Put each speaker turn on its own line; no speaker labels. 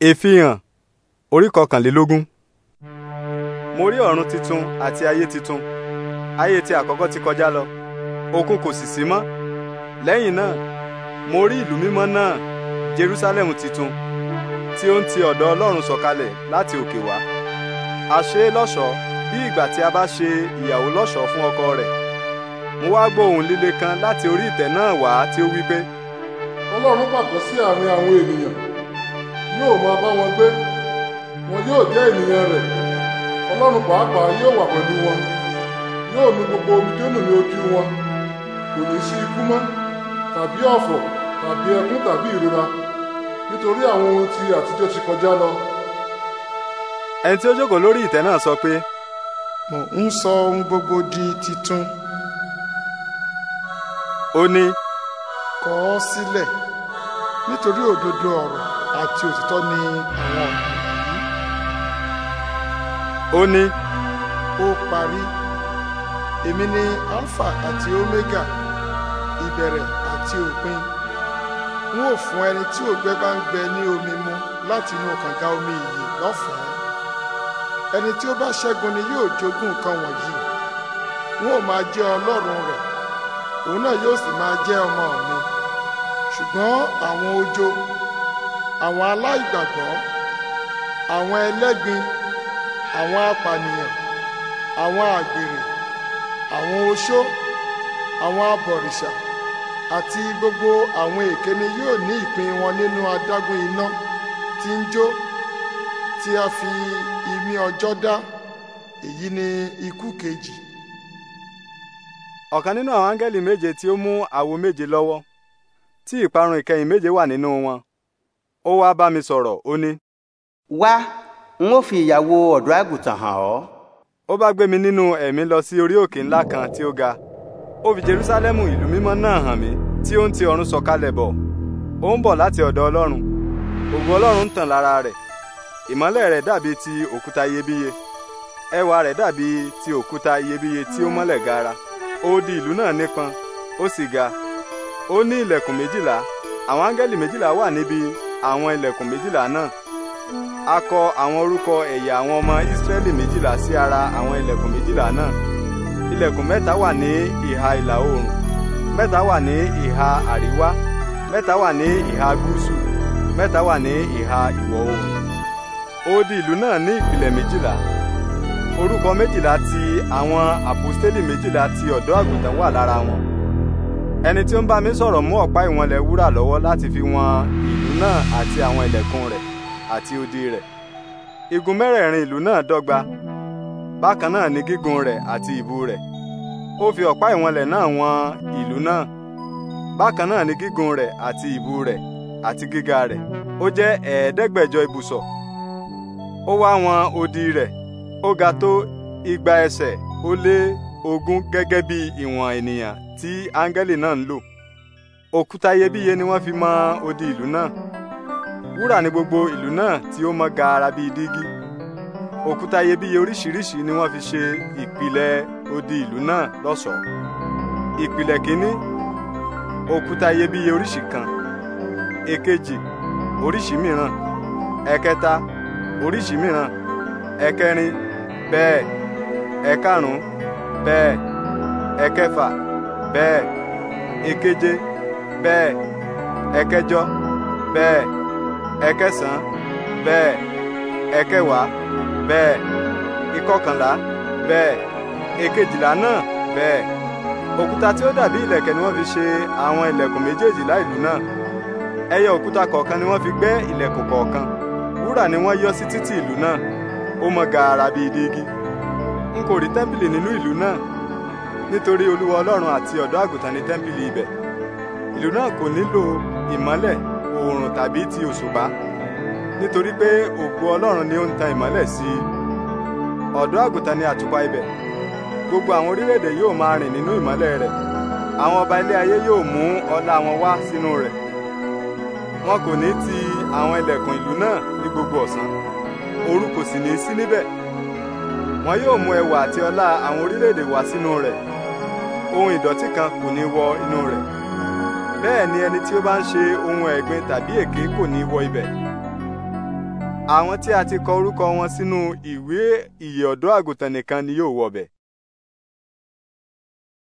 Èfihàn orí kọkànlélógún. Mo rí ọ̀run titun àti ayé titun. Ayé ti àkọ́kọ́ ti kọjá lọ. Òkun kò sì sí mọ́. Lẹ́yìn náà, mo rí ìlú mímọ́ náà, Jerúsálẹ́mù titun, tí ó ń ti ọ̀dọ̀ Ọlọ́run sọ̀kalẹ̀ láti òkè wá. A ṣe é lọ́ṣọ̀ọ́ bí ìgbà tí a bá ṣe ìyàwó lọ́ṣọ̀ọ́ fún ọkọ rẹ̀. Mo wá gbọ́ ohùn líle kan láti orí ìtẹ́ náà wá tí ó wí pé.
Ọlọ́run pàkọ́ sí àárín àwọn ènìyàn yóò máa bá wọn gbé wọn yóò jẹ́ ènìyàn rẹ̀ ọlọ́run pàápàá yóò wà pẹ̀lú wọn yóò nu gbogbo omijé nù ní ojú wọn kò ní sí ikú mọ́ tàbí ọ̀fọ̀ tàbí ẹkún tàbí ìrora nítorí àwọn ohun tí
àtijọ́ ti kọjá lọ. ẹni tí ó jókòó lórí ìtẹ́ náà sọ pé.
mo ń sọ ohun gbogbo di titun. ó ní. kọ ọ sílẹ̀. Si nítorí òdodo ọ̀rọ̀ àti òtítọ́ ni àwọn ọ̀nà yìí. ó ní. ó parí èmi ni alpha àti omega ìbẹ̀rẹ̀ àti òpin n ó fún ẹni tí ògbẹ bá ń gbẹ ní omi mu láti inú kànga omi ìyè lọ́fẹ̀ẹ́ ẹni tí ó bá ṣẹ́gun ni yóò jogún nǹkan wọ̀nyí n ó máa jẹ́ ọlọ́run rẹ̀ òun náà yóò sì máa jẹ́ ọmọ mi ṣùgbọ́n àwọn ojo àwọn aláìgbàgbọ́ àwọn ẹlẹ́gbin àwọn apànìyàn àwọn àgbèrè àwọn oṣó àwọn abọ̀rìṣà àti gbogbo àwọn èké ni yóò ní ìpín wọn nínú adágún iná tí ń jó tí a fi imí ọjọ́ dá èyí
ni ikú kejì. ọ̀kan nínú àwọn áńgẹ́lì méje tí ó mú àwo méje lọ́wọ́ tí ìparun ìkẹyìn méje wà nínú wọn ó wá bá mi sọ̀rọ̀ ó ní. wá n ó fi ìyàwó ọ̀dọ́ àgùntàn hàn ọ́. ó bá gbé mi nínú ẹ̀mí lọ sí orí òkè ńlá kan tí ó ga ó fi Jerúsálẹ́mù ìlú mímọ́ náà hàn mí tí ó ń ti ọ̀run sọ̀kalẹ̀ bọ̀ ó ń bọ̀ láti ọ̀dọ̀ Ọlọ́run ògo Ọlọ́run ń tàn lára rẹ̀ ìmọ́lẹ̀ rẹ̀ dàbí ti òkúta iyebíye ẹwà rẹ̀ dàbí ti òkúta iyebíye tí ó mọ́lẹ̀ gara ó di ìlú náà nípọn ó sì ga ó ní ilẹ̀kùn méjìlá àwọn áńgẹ́lì méjìlá wà níbi àwọn ilẹ̀kùn méjìlá náà a kọ àwọn orúkọ ẹ̀yà àwọn ọmọ ìsírẹ́lì méjìlá sí ara àwọn ilẹ̀kùn méjìlá náà ilẹ̀kùn mẹ́ta wà ní ìhà ìlà oòrùn mẹ́ta wà ní ìhà àríwá mẹ́ta wà ní ìhà gúúsù mẹ́ta wà ní ìhà ìwọ̀ oòrùn odi ìlú náà ní ìpìlẹ̀ méjìlá orúkọ méjìlá ti àwọn àpòstélì méjìlá ti ọ̀dọ́ àgùntàn wà lára wọn ẹni tí ó ń bá mi sọ̀rọ̀ mú ọ̀pá ìwọ̀nlẹ̀ wúrà lọ́wọ́ láti fi wọn ìlú náà àti àwọn ilẹ̀kùn rẹ̀ àti odi rẹ̀ igun mẹ́rẹ̀ẹ̀rin ìlú náà dọ́gba bákan náà ni gígùn rẹ̀ àti ìbú rẹ̀ ó fi ọ̀pá ìwọ̀nlẹ̀ náà wọn ìlú náà bákan náà ni gígùn rẹ̀ àti ìbú rẹ̀ àti gíga rẹ̀ ó jẹ́ ẹ̀ẹ́dẹ́gbẹ̀jọ ibùsọ̀ ó wá wọn odi rẹ̀ ó ga tó igba ẹsẹ̀ ó lé ogún gẹ́gẹ́ bí ìwọ̀n ènìyàn tí áńgẹ́lì náà ń lò òkúta iyebíye ni wọ́n fi mọ odi ìlú náà wúrà ni gbogbo ìlú náà tí ó mọ gaara bíi dígí òkúta iyebíye oríṣiríṣi ni wọ́n fi ṣe ìpìlẹ̀ odi ìlú náà lọ́ṣọ̀ọ́ ìpìlẹ̀ kínní òkúta iyebíye oríṣi kan èkejì oríṣi mìíràn ẹ̀kẹta oríṣi mìíràn ẹ̀kẹrin bẹ́ẹ̀ ẹ̀karùn-ún bee ekefa bee ekeje bee ẹkẹjọ bẹ́ẹ̀ ẹkẹsàn bẹ́ẹ̀ ẹkẹwàá bẹ́ẹ̀ ìkọkànlá bẹ́ẹ̀ ekejìlá náà bẹ́ẹ̀ òkúta tí ó dàbí ìlẹ̀kẹ̀ ni wọ́n fi ṣe àwọn ìlẹ̀kùn méjèèjì láìlú náà ẹyọ òkúta kọ̀ọ̀kan ni wọ́n fi gbẹ́ ìlẹ̀kùn kọ̀ọ̀kan wúrà ni wọ́n yọ sí títì ìlú náà ó mọ gààrà bíi igi n kò rí tẹ́ḿpìlì nínú ìlú náà nítorí olúwa ọlọ́run àti ọ̀dọ́ àgùntàn ní tẹ́ḿpìlì ibẹ̀ ìlú náà kò nílò ìmọ́lẹ̀ oòrùn tàbí ti òṣùpá nítorí pé ògo ọlọ́run ni ó ń ta ìmọ́lẹ̀ sí i ọ̀dọ́ àgùntàn ni àtùpà ibẹ̀ gbogbo àwọn orílẹ̀-èdè yóò máa rìn nínú ìmọ́lẹ̀ rẹ̀ àwọn ọba ilé ayé yóò mú ọlá wọn wá sínú rẹ̀ wọn kò ní ti àwọn ilẹ̀kùn ìlú náà ní gbogbo ọ̀sán òru kò sì ní í sí níbẹ̀ wọn yóò mú ẹwà àti ọlá àwọn orílẹ̀-èdè wá sínú rẹ̀ ohun ìdọ̀tí kan kò ní wọ inú rẹ̀ bẹ́ẹ̀ ni ẹni tí ó bá ń ṣe ohun ẹ̀gbin tàbí èké kò ní wọ ibẹ̀ àwọn tí a ti kọ orúkọ wọn sínú ìwé ìyè ọ̀dọ́ àgùntàn nìkan ni yóò wọbẹ̀